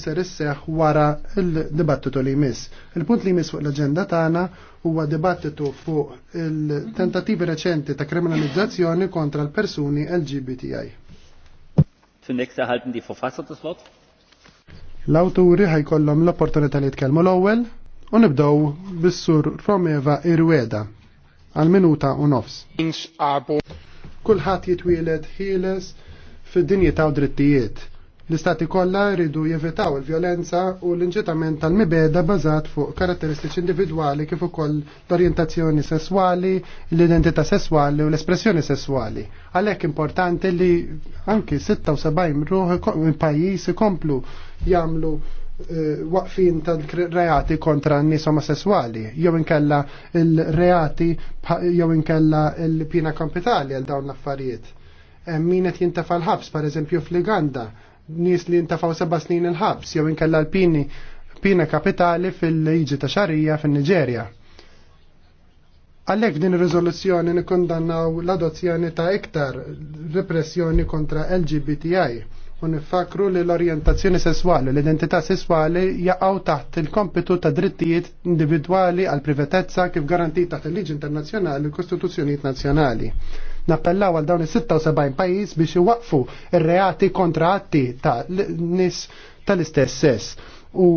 jisser isseħ wara il-dibattitu li jmiss. Il-punt li jmiss fuq l-agenda tagħna huwa dibattitu fuq il-tentativi reċenti ta' kriminalizzazzjoni kontra l-persuni LGBTI. Zunächst erhalten di Verfasser das slot L-awturi ħajkollhom l-opportunità li jitkellmu l-ewwel u nibdew bis-sur Romeva Irweda għal minuta u nofs. Kulħadd jitwieled ħieles fid-dinji ta' drittijiet L-istati kollha jridu jevitaw il-vjolenza u l-inġitament tal-mibeda bażat fuq karatteristiċi individwali kif ukoll l orientazzjoni sesswali, l-identità sesswali u l-espressjoni sesswali. Għalhekk importanti li anki 76 ruħ il-pajjiż ikomplu jagħmlu eh, waqfin tal-reati kontra n-nis omosessuali, jew inkella il-reati jew inkella il-pina kapitali għal dawn l-affarijiet. Min qed jintefal ħabs, per eżempju fl-Uganda, Nis li ntafaw seba' snin il-ħabs jew inkella l-pini pina kapitali fil-liġi ta' xarija fin-Niġerja. Għallek din riżoluzzjoni nikondannaw l-adozzjoni ta' iktar repressjoni kontra LGBTI u nifakru li l-orientazzjoni sessuali, l-identità sessuali jaqgħu taħt il-kompitu ta' drittijiet individwali għal privatezza kif garantita taħt il-liġi internazzjonali u l-kostituzzjonijiet nazzjonali. Nappellaw għal dawn is-76 pajjiż biex iwaqfu ir-reati kontra atti ta' nis tal-istess sess. U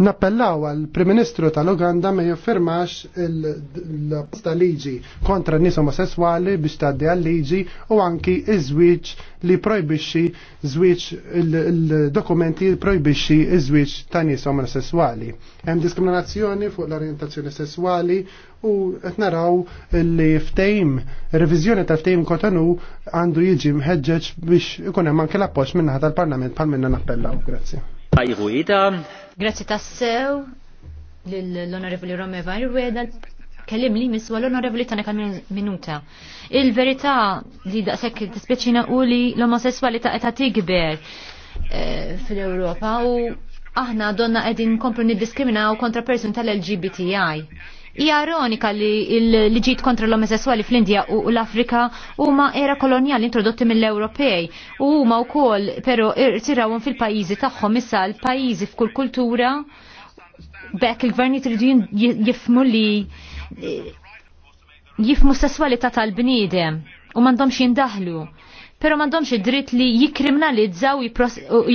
Nappellaw għal Prim Ministru tal-Uganda ma jiffirmax l-posta liġi kontra n-nies omosessuali biex tgħaddi għal liġi u anki iż-żwieġ li projbixxi żwieġ il-dokumenti li projbixxi iż-żwieġ ta' nies omosessuali. Hemm diskriminazzjoni fuq l orientazzjoni sessuali u qed naraw li ftejm, reviżjoni tal-ftejm kotonu għandu jiġi mħeġġeġ biex ikun hemm anke l-appoġġ minnaħa tal-Parlament bħal minna nappellaw. Grazzi. Grazzi tassew l-Onorevoli Romeva Irweda kellim li miswa l-onorevoli tana kal minuta. Il-verità li daqsek tispeċina u li l-omosessualità qed tikber eh, fil-Ewropa u aħna donna qegħdin komplu niddiskriminaw kontra person tal-LGBTI. Hija ironika li l ġit kontra l-omosessuali fl-Indja u l-Afrika huma era kolonjali introdotti mill-Ewropej u huma wkoll però irtirawhom fil-pajjiżi tagħhom issa l-pajjiżi f'kull kultura bekk il gverni jitridu jifmu li jifmu ta' tal-bniedem u m'għandhomx jindaħlu pero mandomx id-dritt li jikriminalizzaw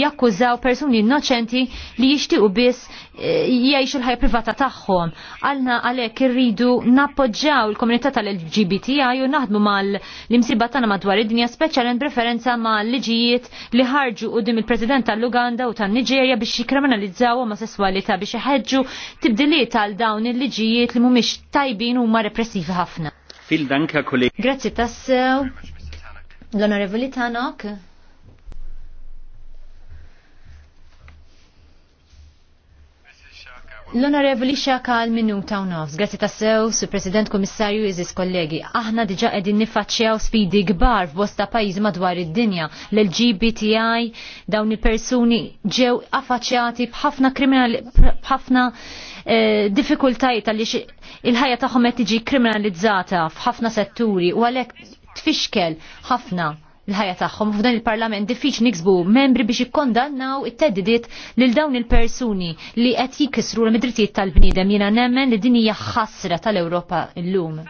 jakkużaw persuni innoċenti li jixtiequ biss eh, jgħixu l-ħajja privata tagħhom. Għalna għalhekk irridu nappoġġjaw il-komunità tal-LGBTI u naħdmu mal-imsiba tagħna madwar id-dinja speċjalment preferenza mal-liġijiet li ħarġu dim il-President tal-Uganda u tan-Niġerja biex jikriminalizzaw omosessualità biex iħeġġu tibdiliet għal dawn il-liġijiet li mhumiex tajbin huma repressivi ħafna. Fil danka kolleg. Grazzi tassew. L-Onorevoli Tanok. L-Onorevoli Xaka għal ta' u nofs, ta' sew, su President Komissarju Iżis kollegi, aħna diġa edin nifacċjaw sfidi gbar f'bosta pajiz madwar id-dinja, l-LGBTI, dawn il-persuni ġew affaċjati bħafna kriminali, bħafna eh, diffikultajiet għalli il-ħajja tagħhom qed tiġi kriminalizzata f'ħafna setturi u għalhekk tfixkel ħafna l-ħajja tagħhom f'dan il-Parlament diffiċ niksbu membri biex ikkondannaw it-teddidiet lil dawn il-persuni li qed jikisru l-midritiet tal-bniedem jiena nemmen li din hija ħasra tal-Ewropa llum.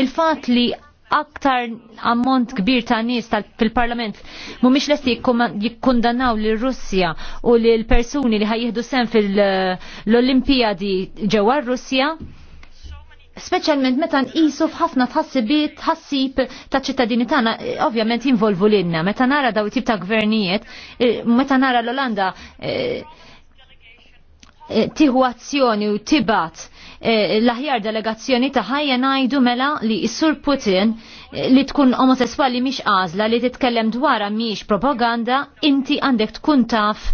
Il-fatt li aktar ammont kbir ta' nies fil-parlament mhumiex lesti jikkondannaw lil russja u lil persuni li ħajjieħdu sem fil-Olimpijadi ġewwa r-Russja specialment meta nqisu f'ħafna tħassibiet tħassib ta' ċittadini tagħna eh, ovvjament jinvolvu inna Meta nara daw tip ta' gvernijiet, eh, meta nara l-Olanda eh, tieħu azzjoni u tibat Eh, l-aħjar delegazzjoni ta' ħajja najdu mela li s-sur Putin eh, li tkun omosessuali miex għazla li titkellem dwara miex propaganda inti għandek tkun taf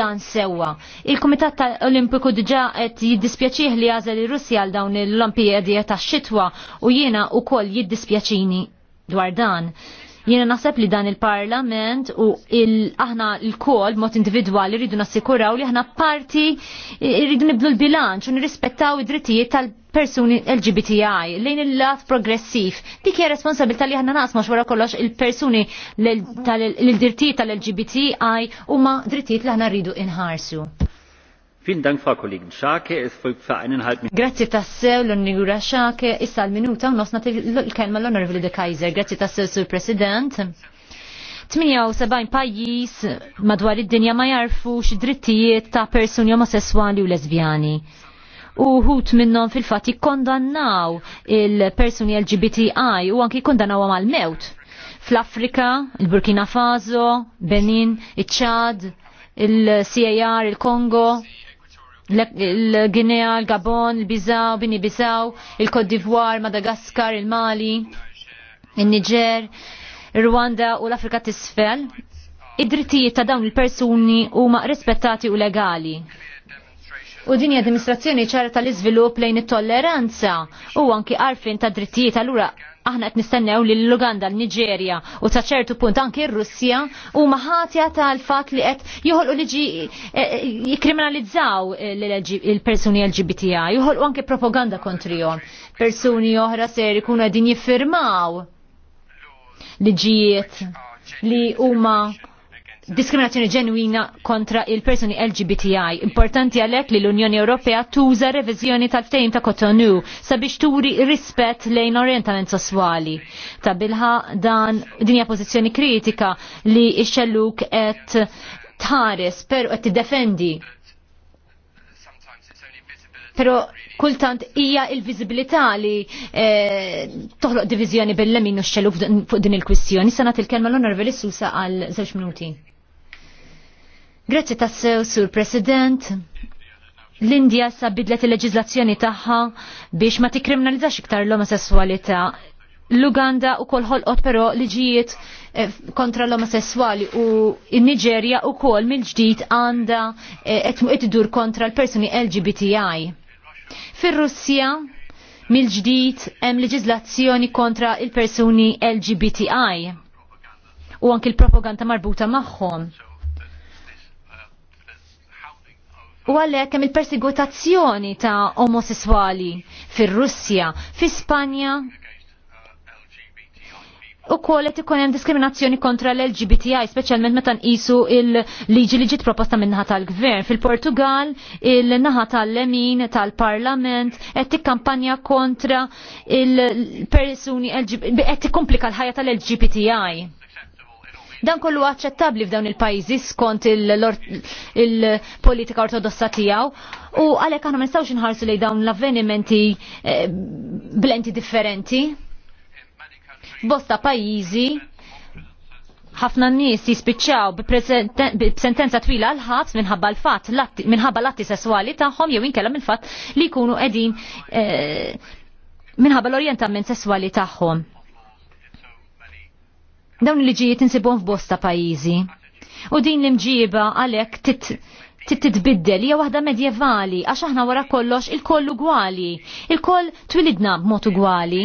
dan sewa. Il-Komitat Olimpiku diġa qed jiddispjaċih li għazla li russja għal dawn l-Olimpijadi ta' xitwa u jiena ukoll jiddispjaċini dwar dan. Jiena naħseb li dan il-Parlament u il aħna l-kol mod individwali rridu nassikuraw li aħna parti rridu nibdu l-bilanċ u nirrispettaw id-drittijiet tal-persuni LGBTI lejn il-lat progressiv. Dik hija responsabilità li aħna naqsmax wara kollox il-persuni l-drittijiet tal-LGBTI huma drittijiet li aħna rridu inħarsu. Grazzi tassew l-Onigura Xake, issa l-minuta u nosna l-kelma l-Onorevoli de Kaiser. Grazzi tassew, Sur President. 78 pajis madwar id-dinja ma jarfux drittijiet ta' persuni omosessuali u lesbjani. Uħut minnom fil-fat jikkondannaw il-persuni LGBTI u anki kondannaw għal mewt. Fl-Afrika, il-Burkina Faso, Benin, il-Ċad, il-CAR, il-Kongo, il ċad il car il kongo l-Ginea, l-Gabon, l-Bizaw, Bini Bizaw, il côte d'Ivoire, Madagaskar, il-Mali, il-Niger, Rwanda u l-Afrika t-isfel, id-drittijiet ta' dawn il-persuni huma rispettati u legali. U din hija dimostrazzjoni ċara tal-iżvilupp lejn it-tolleranza u anki għarfin ta' drittijiet allura aħna qed nistennew li l-Uganda, l-Niġerja u ta' ċertu punt anki r-Russja huma ħatja tal-fatt li qed joħolqu liġi eh, eh, jikkriminalizzaw il-persuni LGBTI, joħolqu anke propaganda kontrihom. Persuni oħra ser ikunu qegħdin jiffirmaw liġijiet li huma diskriminazzjoni ġenwina kontra il-personi LGBTI. Importanti għalek li l-Unjoni Ewropea tuża reviżjoni tal-ftejn ta' Kotonu sabiex turi rispett lejn orientament sessuali. Ta' bilħa dan dinja pożizzjoni kritika li ix-xelluk qed tħares per qed tiddefendi. Pero kultant hija il-viżibilità li eh, toħloq diviżjoni bil-lemin u xxelluk fuq din il-kwistjoni. Sanat il-kelma l-onorveli Susa għal żewġ minuti. Grazzi tassew, Sur President. L-Indja sa bidlet il-leġizlazzjoni tagħha biex ma tikkriminalizzax iktar l-omosessualità. L-Uganda u kol ħolqot però liġijiet eh, kontra l-omosessuali u n-Niġerja u kol mill-ġdid għanda eh, qed kontra l-persuni LGBTI. Fir-Russja mill-ġdid hemm leġiżlazzjoni kontra il-persuni LGBTI u anki l-propaganda marbuta magħhom. u għalhekk hemm il persegutazzjoni ta' omosessuali fir-Russja, fi Spanja. U qed ikun hemm diskriminazzjoni kontra l-LGBTI, speċjalment meta nqisu il-liġi li ġiet proposta min-naħa tal-gvern. Fil-Portugal, il-naħa tal-lemin tal-Parlament qed tikkampanja kontra il-persuni qed tikkomplika l-ħajja tal-LGBTI Dan kollu aċċettabbli f'dawn il-pajjiżi skont il-politika ortodossa tiegħu u għalhekk aħna ma nistgħux inħarsu lejn dawn l-avvenimenti eh, blenti differenti. Bosta pajjiżi ħafna nies jispiċċaw b'sentenza twila għal ħabs minħabba l-fatt minħabba l-atti sesswali tagħhom jew inkella mill-fatt li jkunu qegħdin eh, minħabba l-orjentament sesswali tagħhom. Dawn il-liġijiet insibhom f'bosta pajjiżi. U din l-imġiba għalhekk tit titbiddel hija waħda medjevali għax aħna wara kollox il-koll ugwali, il-koll twilidna b'mod ugwali.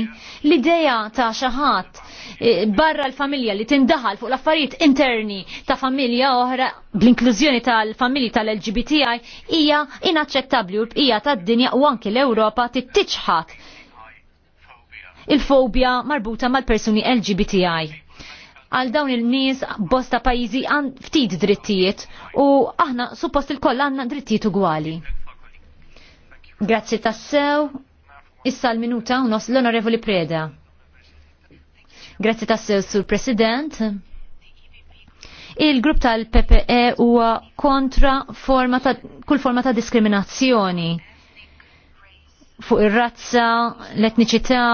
L-idea ta' xi ħadd e, barra l-familja li tindaħal fuq l-affarijiet interni ta' familja oħra bl-inklużjoni tal-familji tal-LGBTI hija inaċċettabbli u l-bqija tad-dinja u anki l-Ewropa titċħat il-fobja marbuta mal-persuni LGBTI għal dawn il-nies bosta pajizi għan ftit drittijiet u aħna suppost il-koll għanna drittijiet ugwali. Grazzi tassew, issa l-minuta u nos l-onorevoli preda. Grazzi tassew sur president. Il-grupp tal-PPE huwa kontra forma ta' kull forma ta' diskriminazzjoni fuq ir-razza, l-etniċità,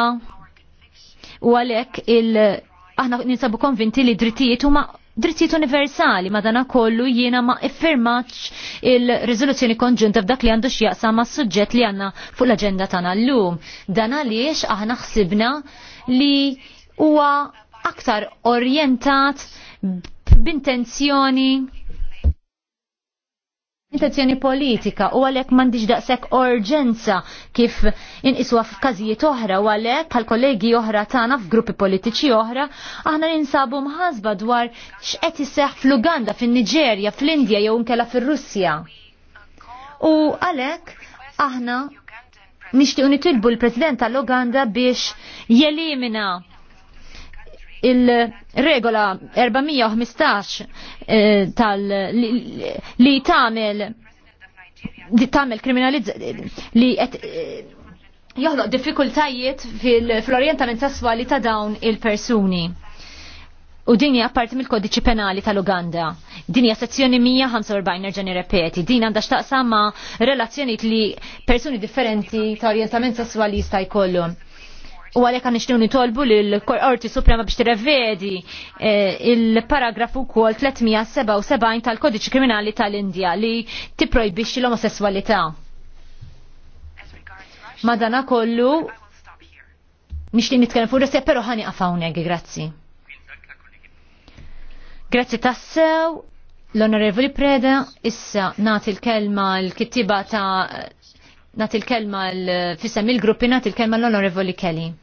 u għalek il- aħna ninsabu konvinti li drittijiet huma drittijiet universali madana kollu jiena ma iffirmax il-rizoluzzjoni konġunta f'dak li għandu x'jaqsa ma' suġġett li għanna fuq l-aġenda tagħna llum. Dan għaliex aħna ħsibna li huwa aktar orjentat b'intenzjoni intenzjoni politika u għalek mandiġ daqsek urġenza kif inqiswa f'każijiet oħra u għalek bħal kollegi oħra tagħna f'gruppi politiċi oħra aħna ninsabu mħasba dwar x'qed iseħħ fl-Uganda, fin-Niġerja, fl-Indja jew nkella fir-Russja. U għalek aħna nixtiequ nitilbu l-President tal-Uganda biex jelimina il-regola 415 eh, tal li, tamel li tamel kriminalizz li eh, joħloq diffikultajiet fil-orientament sessuali ta' dawn il-persuni. U din hija parti mill-kodiċi penali tal-Uganda. Din hija sezzjoni 145 nerġa' nirrepeti. Din għandha x'taqsam ma' relazzjonijiet li persuni differenti ta' orjentament sesswali jista' jkollhom u għalek għan ixtiju nitolbu l korti Suprema biex tirrevedi eh, il-paragrafu kol 377 tal-Kodiċi Kriminali tal-Indja li tipprojbixxi l-omosessualità. Madana kollu nixtieq nitkellem fuq resep però ħani hawnhekk, grazzi. Grazzi tassew l-Onorevoli Preda issa nagħti l-kelma l-kittiba ta' nat il-kelma fissem il-gruppi nat il-kelma l-onorevoli Kelly.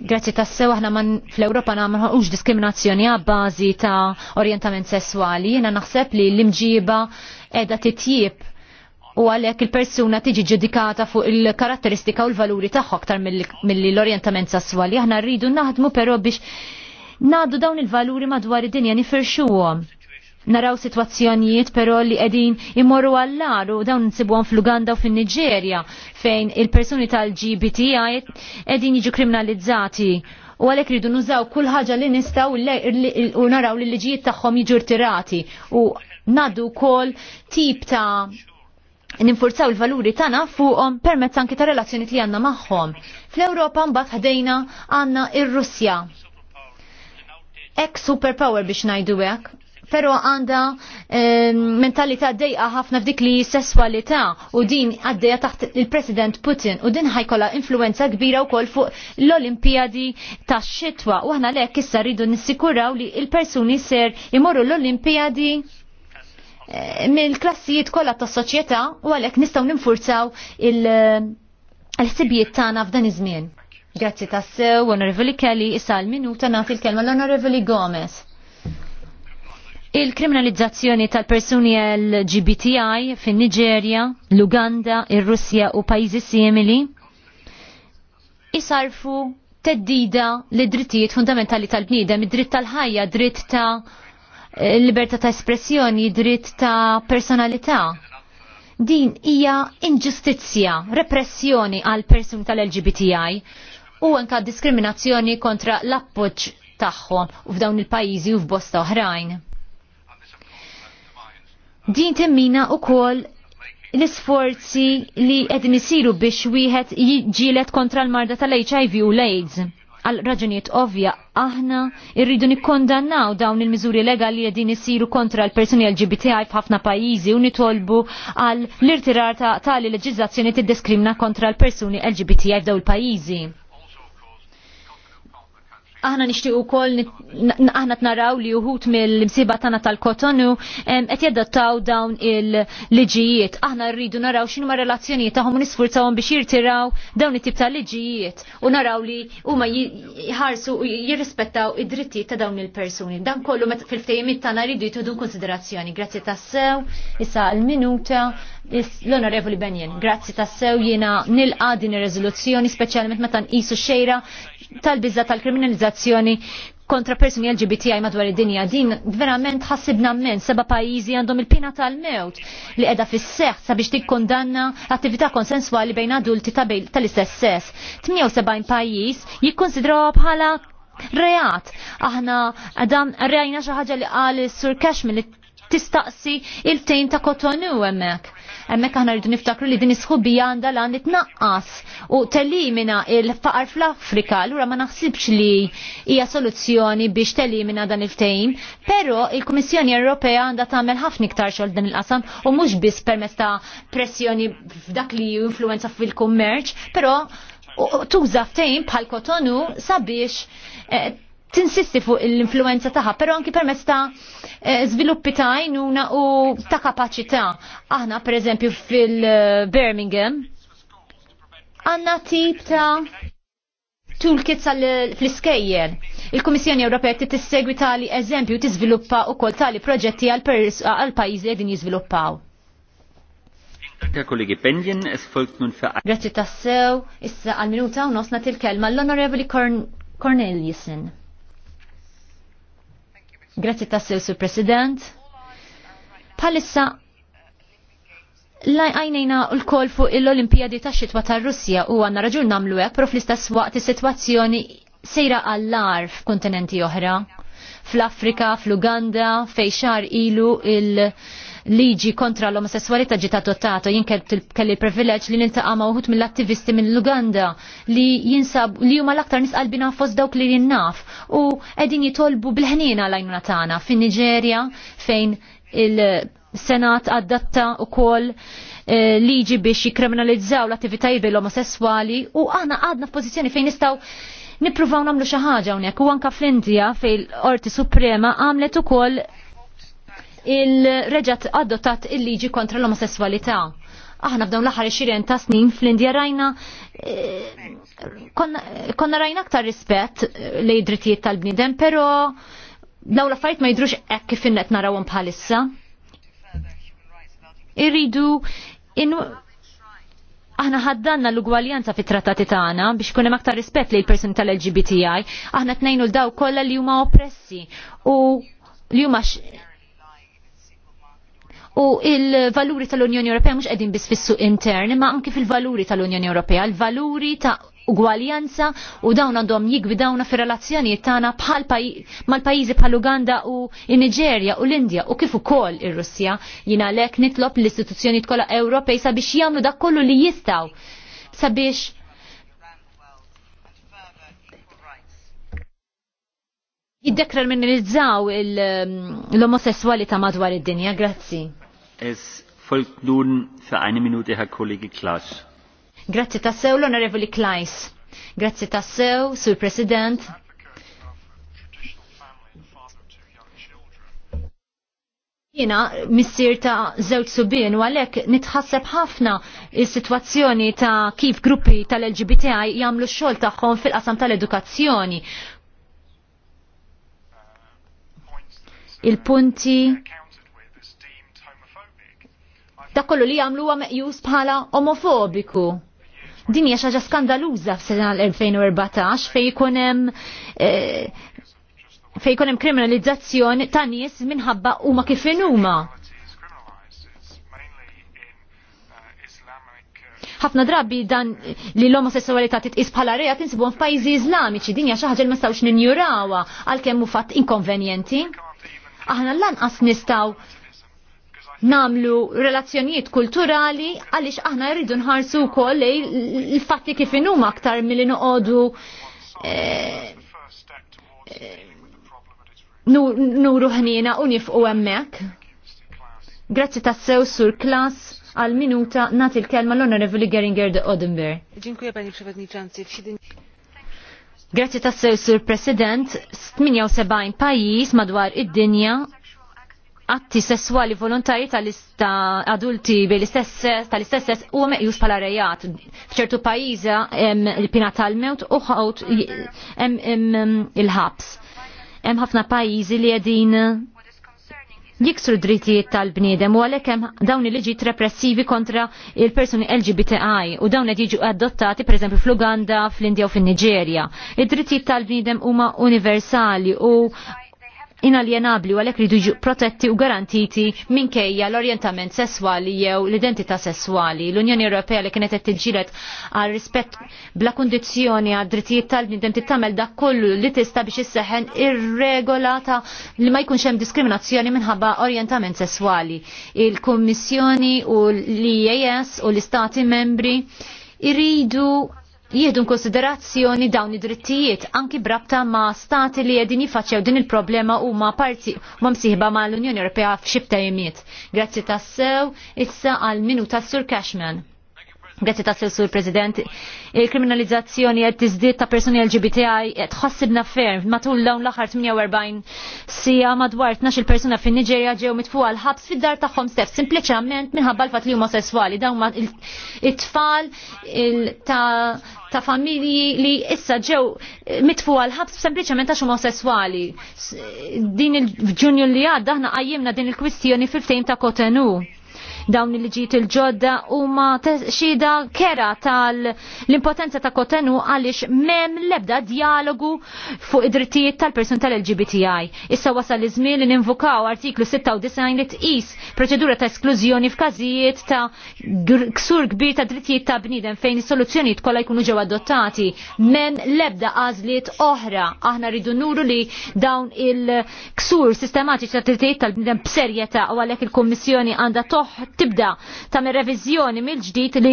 Grazzi ta' sew aħna man fl-Ewropa nagħmluħux diskriminazzjoni għab bażi ta' orientament sessuali. Jiena naħseb li l-imġiba qiegħda titjib u għalhekk il-persuna tiġi ġudikata fuq il-karatteristika u l-valuri tagħha aktar mill-li l-orientament sessuali. Aħna rridu naħdmu però biex naħdu dawn il-valuri madwar id-dinja nifirxuhom naraw situazzjonijiet però li qegħdin imorru għallaru u dawn nsibuhom fl-Uganda u fin-Niġerja fejn il-persuni tal-GBTI edin jiġu kriminalizzati u għalek ridu nużaw kull ħaġa li nistaw u naraw li liġijiet tagħhom jiġu rtirati u naddu kol tip ta' ninfurzaw il-valuri tagħna fuqhom permezz anki ta' relazzjoni li għandna magħhom. Fl-Ewropa mbagħad ħdejna għandna ir-Russja. Ek superpower biex ngħidu hekk pero għanda ehm, mentalità dejqa ħafna f'dik li sesswalità u din għaddeja taħt il-President Putin u din ħajkolla influenza kbira wkoll fuq l-Olimpijadi ta' xitwa u aħna lek issa rridu nissikuraw li il-persuni ser imorru l-Olimpijadi eh, mill-klassijiet kollha tas-soċjetà u għalhekk nistgħu ninfurzaw eh, il-ħsibijiet tagħna f'dan iż-żmien. Grazzi tassew, Onorevoli Kelly, issa l-minuta nagħti l-kelma l-Onorevoli Gomez. Il-kriminalizzazzjoni tal-persuni LGBTI fin niġerja l-Uganda, ir-Russja u pajjiżi simili isarfu teddida li drittijiet fundamentali tal-bniedem, id-dritt tal-ħajja, dritt ta' eh, libertà ta' espressjoni, dritt ta' personalità. Din hija inġustizzja, repressjoni għal persuni tal-LGBTI u anka diskriminazzjoni kontra l-appoġġ tagħhom u f'dawn il-pajjiżi u f'bosta oħrajn. Din timmina u kol l-sforzi li edin isiru biex wieħed jġilet kontra l-marda tal-HIV u l-AIDS. Għal raġunijiet ovvja, aħna irridu nikkondannaw dawn il-miżuri legali li din isiru kontra l-persuni LGBTI f'ħafna pajjiżi u nitolbu għal l-irtirar ta' tali leġizzazzjoni tiddiskrimna kontra l-persuni LGBTI f'daw il-pajjiżi aħna nixtieq ukoll aħna t-naraw li uħut mill-msiba tagħna tal-kotonu qed jadattaw dawn il-liġijiet. Aħna rridu naraw x'inhuma relazzjonijiet tagħhom u nisfurzawhom biex jirtiraw dawn it-tip ta' liġijiet u naraw li huma jħarsu u jirrispettaw id-drittijiet ta' dawn il-persuni. Dan kollu fil-ftejjimiet tagħna rridu jtħodu konsiderazzjoni. Grazzi tassew, issa l-minuta l-Onorevoli Benjen, grazzi tassew jiena nilqa din ir-reżoluzzjoni speċjalment meta nqisu xejra tal-biża tal-kriminalizzazzjoni diskriminazzjoni kontra persuni LGBTI madwar id-dinja. Din verament ħassibna men seba pajjiżi għandhom il-pina tal-mewt li qiegħda fis-seħħ sabiex tikkondanna attività konsensuali bejn adulti tal-istess sess. 78 pajjiż jikkonsidraw bħala reat. Aħna għadam rejna xi ħaġa li qal sur Cashman li tistaqsi il-tejn ta' kotonu hemmhekk emmek aħna rridu niftakru li din isħubi għanda għandha lan itnaqqas u telimina il-faqar fl-Afrika, allura ma naħsibx li hija soluzzjoni biex telimina dan il-ftehim, pero il-Kummissjoni Ewropea għandha tagħmel ħafna iktar xogħol din il-qasam u mhux biss permezz ta' pressjoni f'dak li influenza fil-kummerċ, però tuża ftehim bħal kotonu sabiex eh, tinsisti fuq l-influenza taħħa, pero anki permess ta' eh, sviluppi ta' għajnuna u ta' kapacità. Aħna, per eżempju, fil-Birmingham, għanna tip ta' toolkits fl-iskejjer. Il-Komissjoni Ewropea ti tissegwi tali eżempju tiżviluppa u kol tali proġetti għal-pajizi din jizviluppaw. Grazie tassew, issa għal-minuta u nosna til-kelma l-Onorevoli Corneliusen. Grazzi tassew sur President. Palissa Lajnejna l-kol fuq l-Olimpijadi ta' xitwa ta' russija u għanna raġun namlu għek, prof l-istess waqt situazzjoni sejra għallar f'kontinenti oħra. Fl-Afrika, fl-Uganda, fej xar ilu il- liġi kontra l-omosessualità ġiet adottata jien kelli l-privileġġ li niltaqa' ma' wħud mill-attivisti mill-Uganda li jinsab li huma l-aktar qalbi nafos dawk li jinnaf u qegħdin jitolbu bil-ħnina għajnuna tagħna fin-Niġerja fejn il-Senat adatta ukoll eh, liġi biex jikriminalizzaw l-attivitajiet bil-omosessuali u aħna għadna f'pożizzjoni fejn nistgħu nippruvaw nagħmlu xi ħaġa hawnhekk u anke fl-Indja fejn l-Qorti Suprema għamlet ukoll il-reġat adottat il-liġi kontra l-omosessualità. Aħna f'dawn l-aħħar 20 ta' snin fl-Indja rajna eh, konna rajna aktar rispett eh, lej drittijiet tal-bniedem, però dawn l-affarijiet ma jidrux hekk kif innet narawhom bħalissa. Irridu aħna ħaddanna l-ugwaljanza fit trattati tagħna biex kunem aktar rispett lejn persuni tal-LGBTI, aħna tnejnu l-daw kollha li huma oppressi u li huma U il-valuri tal-Unjoni Ewropea mhux qegħdin biss fis-suq intern, ma anke fil-valuri tal-Unjoni Ewropea, l valuri ta' ugwaljanza u dawn għandhom jigbidawna fir relazzjonijiet tagħna bħal mal-pajjiżi bħal Uganda u n-Niġerja u l-Indja u kif ukoll ir-Russja jien għalhekk nitlob l-istituzzjonijiet kollha Ewropej sabiex jagħmlu dak kollu li jistgħu sabiex jiddekrar l-omosessualità madwar id-dinja. Grazzi. Es folgt nun für eine Minute Herr Kollege Klaas. Grazie tassew l-Onorevoli Klaas. Grazie tassew, Sur President. jina missir ta' zewt subin u għalek nitħasseb ħafna il-situazzjoni ta' kif gruppi tal-LGBTI jamlu xol taħħon fil-qasam tal-edukazzjoni. Il-punti ta' kollu li jagħmlu għam meqjus bħala omofobiku. Din hija xi ħaġa skandaluża f'sena l-2014 fej jkun hemm eh, jkun hemm kriminalizzazzjoni ta' nies minħabba huma kif huma. ħafna drabi dan li l-omosessualità titqis bħala reja tinsibhom f'pajjiżi iżlamiċi dinja xi ħaġa li ma stawx ninjurawha għalkemm hu fatt inkonvenjenti. Aħna lanqas nistgħu namlu relazzjonijiet kulturali għaliex aħna rridu nħarsu wkoll il-fatti kif inhuma aktar milli noqogħdu eh, eh, nuru ħnina u nifqu hemmhekk. Grazzi tassew sur klas għal minuta nagħti l-kelma l-Onorevoli Geringer de Odenberg. Dziękuję Pani Przewodniczący. Grazzi tassew sur President, 78 pajjiż madwar id-dinja atti sessuali volontari tal-ista adulti bil-istess tal-istess u meqjus pala rejat. F'ċertu pajiza il-pina tal-mewt u ħawt il-ħabs. Hemm ħafna pajizi li qegħdin jiksru drittijiet tal-bniedem u għalhekk hemm dawn il-liġijiet repressivi kontra il-persuni LGBTI u dawn qed jiġu adottati pereżempju fl-Uganda, fl-Indja u fin-Niġerja. Id-drittijiet tal-bniedem huma universali u inalienabli u għalek ridu protetti u garantiti minkejja l-orjentament sesswali jew l-identità sesswali. L-Unjoni Ewropea li kienet qed tiġġieled għal rispett bla kundizzjoni għad drittijiet tal-identità tagħmel dak kollu li tista' biex s-seħen irregolata li ma jkunx hemm diskriminazzjoni minħabba orjentament sesswali. Il-Kummissjoni u l-IAS u l-Istati membri iridu jieħdu konsiderazzjoni dawn id-drittijiet anki brabta ma' stati li jedin jifaċċew din il-problema u ma' parti ma' msiħba ma' l-Unjoni Ewropea f'xibta jimiet. Grazzi tassew, issa għal minu tas-Sur Cashman. Grazie ta' sur President. Il-kriminalizzazzjoni għed tizdiet ta' personi LGBTI tħossibna ferm. Matul dawn l-aħħar 48 sija madwar 12 persuna fin Nigeria ġew mitfu għal ħabs fid-dar tagħhom stess, sempliċement minħabba l fat li huma sesswali. ma' it-tfal ta' ta' familji li issa ġew mitfu għal ħabs sempliċement għax omosessuali. Din il-ġunju li għadda aħna qajjimna din il-kwistjoni fil-fejm ta' Kotenu Dawn il-ġiet il-ġodda huma xhieda kera tal-impotenza l ta' Kotenu għaliex mem lebda dialogu fuq id-drittijiet tal-person tal-LGBTI. Issa wasal iż-żmien li ninvukaw artiklu 96 li tqis proċedura ta' esklużjoni f'każijiet ta' ksur kbir ta' drittijiet ta' bniedem fejn is-soluzzjonijiet kollha jkunu ġew adottati. Mem lebda għażliet oħra aħna rridu nuru li dawn il-ksur sistematiċi ta' drittijiet tal-bniedem b'serjetà u għalhekk il-Kummissjoni għandha tibda tagħmel reviżjoni mill-ġdid li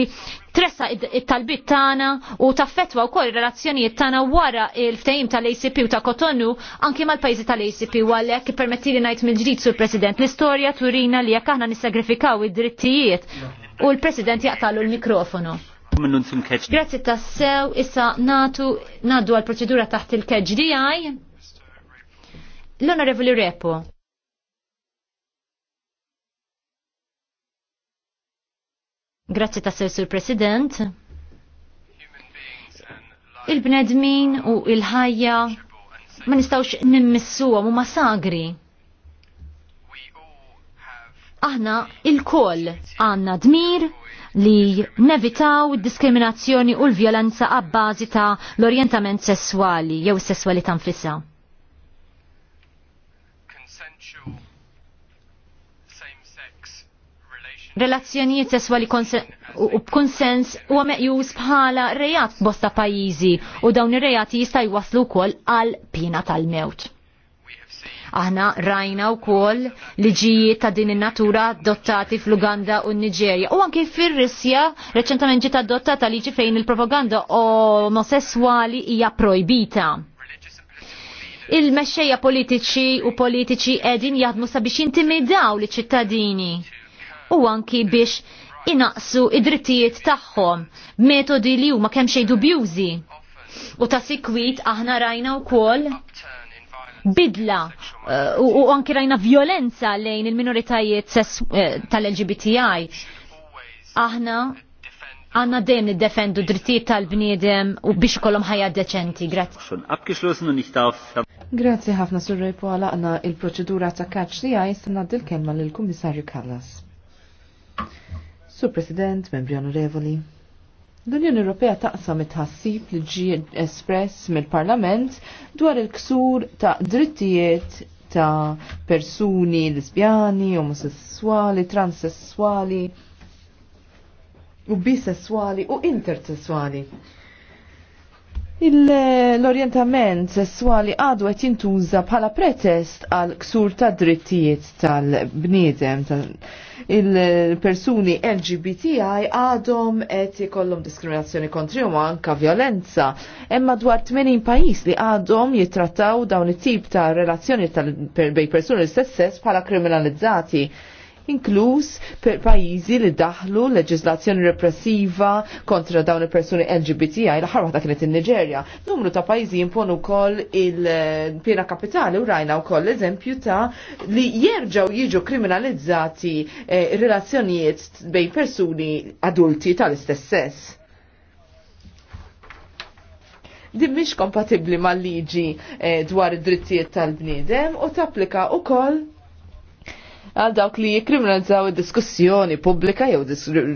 tressa it-talbit tagħna u taffetwa wkoll ir-relazzjonijiet tagħna wara il-ftehim tal-ACP u ta' Kotonu anki mal-pajjiżi tal-ACP u għalhekk li ngħid mill-ġdid sur President l-istorja turina li jekk aħna nissagrifikaw id-drittijiet u l-President jaqtalu l-mikrofonu. Grazzi tassew, issa natu naddu għal proċedura taħt il-KGDI. L-Onorevoli Repo. Grazzi ta' Sir Sur President. Il-bnedmin u il-ħajja ma nistawx nimmissuwa ma sagri. Aħna il-koll għanna dmir li nevitaw diskriminazzjoni u l-vjolenza għabbażi ta' l-orientament sessuali jew s-sessualità nfissa. relazzjonijiet sesswali u b'kunsens u meqjus bħala rejat bosta pajizi u dawn ir rejat jista' jwaslu wkoll għal pina tal-mewt. Aħna rajna wkoll liġijiet ta' din in-natura adottati fl-Uganda u n-Niġerja. U anke fir-Rissja reċentament ġiet adottata liġi fejn il-propaganda omosessuali hija projbita il-mexxejja politiċi u politiċi edin jaħdmu sabiex intimidaw li ċittadini u anki biex inaqsu id-drittijiet tagħhom metodi li huma kemm xejn dubjużi. U ta' sikwit aħna rajna wkoll bidla eh, u, anki rajna violenza lejn il-minoritajiet eh, tal-LGBTI. Aħna għanna dejjem niddefendu drittijiet tal-bniedem u biex ikollhom ħajja deċenti. Grazzi. Grazzi ħafna sur-rejpola għanna il-proċedura ta' kaċ li għaj sanna dil-kelma lill kummissarju Kallas. Sur President, membri onorevoli. L-Unjoni Ewropea taqsam it-ħassib li ġi espress mill-Parlament dwar il-ksur ta' drittijiet ta' persuni lesbjani, omosessuali, transessuali, u bisessuali u intersessuali. L-orientament sessuali għadu għet jintuża bħala pretest għal ksur ta' drittijiet tal-bniedem, il-persuni LGBTI għadhom għet jikollhom diskriminazzjoni kontri u anka violenza. Emma dwar 80 pajis li għadhom jitrattaw dawn it-tip ta' relazzjoni tal-bej persuni l-istess bħala kriminalizzati inkluż per pajjiżi li daħlu leġislazzjoni repressiva kontra dawn il-persuni LGBTI l aħħar waħda kienet in-Niġerja. Numru ta' pajjiżi jimpon wkoll il piena kapitali u rajna wkoll eżempju ta' li jerġgħu jiġu kriminalizzati eh, relazzjonijiet bejn persuni adulti tal-istess sess din mhix kompatibbli mal-liġi eh, dwar id-drittijiet tal-bniedem u tapplika wkoll għal dawk li jikriminalizzaw id-diskussjoni pubblika jew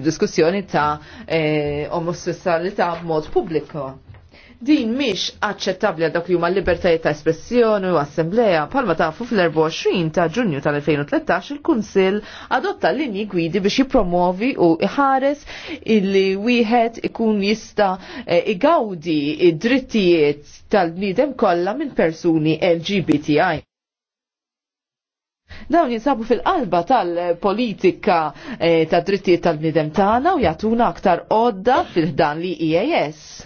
diskussjoni ta' eh, omosessualità b'mod pubbliku. Din mhix aċċettabbli għal dawk li huma libertajiet ta' espressjoni u assembleja palma tafu l 24 ta' Ġunju tal-2013 il-Kunsill adotta linji gwidi biex jippromovi u iħares illi wieħed ikun jista' eh, igawdi id-drittijiet tal-bniedem kollha minn persuni LGBTI. Dawn jinsabu fil-qalba tal-politika eh, ta' drittijiet tal-bnidem tagħna u jagħtuna aktar odda fil-ħdan li IAS e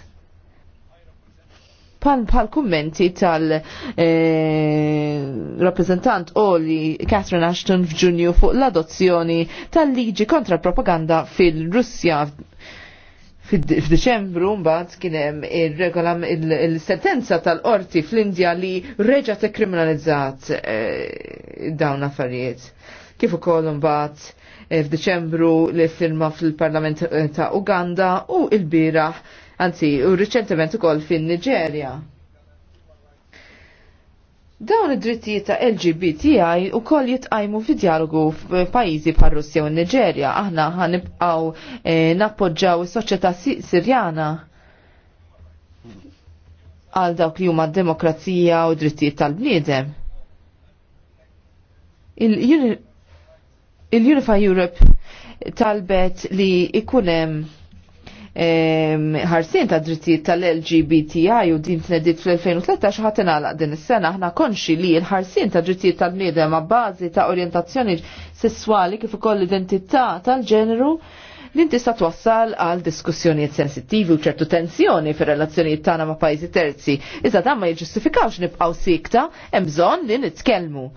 pal pal kummenti tal eh, rappresentant Oli Catherine Ashton Jr. fuq l-adozzjoni tal-liġi kontra l-propaganda fil-Russja F'Diċembru mbagħad kien hemm ir-regolam il-sentenza tal-qorti fl-Indja li reġa' tikkriminalizzat eh, dawn l-affarijiet. Kif ukoll mbagħad eh, f'Diċembru li firma fil-Parlament eh, ta' Uganda u l-bieraħ anzi u riċentement ukoll fin-Niġerja. Dawn id-drittijiet ta' LGBTI u koll jitqajmu fi dialogu f'pajjiżi bħal Russja u Niġerja. Aħna ħanibqgħu eh, nappoġġaw is-soċjetà Sirjana għal dawk li huma demokrazija u drittijiet tal-bniedem. Il-Unify Europe talbet li ikunem ħarsien ta' drittijiet tal-LGBTI u din tnedit fl-2013 ħat għala din is-sena aħna konxi li l-ħarsien ta' drittijiet tal-bniedem ma' bażi ta' orjentazzjoni sessuali kif ukoll identità tal-ġeneru li tista' twassal għal diskussjonijiet sensittivi u ċertu tensjoni fir relazzjonijiet tagħna ma' pajjiżi terzi. Iżda dan ma jiġġustifikawx nibqgħu sikta hemm bżonn li nitkellmu.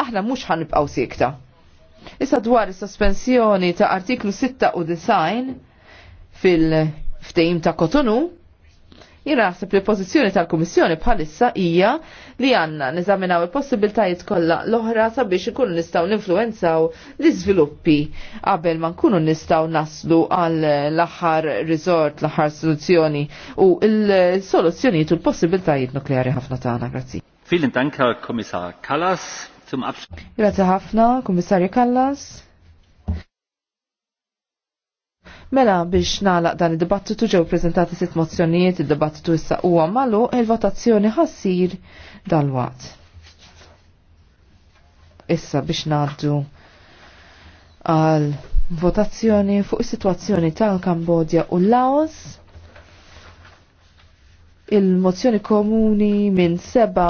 Aħna mhux ħanibqgħu sikta Issa dwar is-sospensjoni ta' artiklu 6 u design fil-ftejim ta' Kotonu, jirasib li pożizzjoni tal-Kummissjoni bħalissa hija li għanna niżaminaw il-possibiltajiet kollha l-oħra sabiex ikunu nistgħu ninfluenzaw l-iżviluppi qabel ma nkunu nistgħu naslu għal l-aħħar riżort, l-aħħar soluzzjoni u l-soluzzjonijiet u l-possibiltajiet nukleari ħafna tagħna. Grazzi. Vielen Dank, Herr Kommissar Kallas zum Grazie ħafna, Kummissarju Kallas. Mela biex nalaq dan id-dibattitu ġew prezentati sitt mozzjonijiet, id-dibattitu issa huwa malu il-votazzjoni ħassir dal-waqt. Issa biex ngħaddu għal votazzjoni fuq is-sitwazzjoni tal-Kambodja u Laos il-mozzjoni komuni minn seba'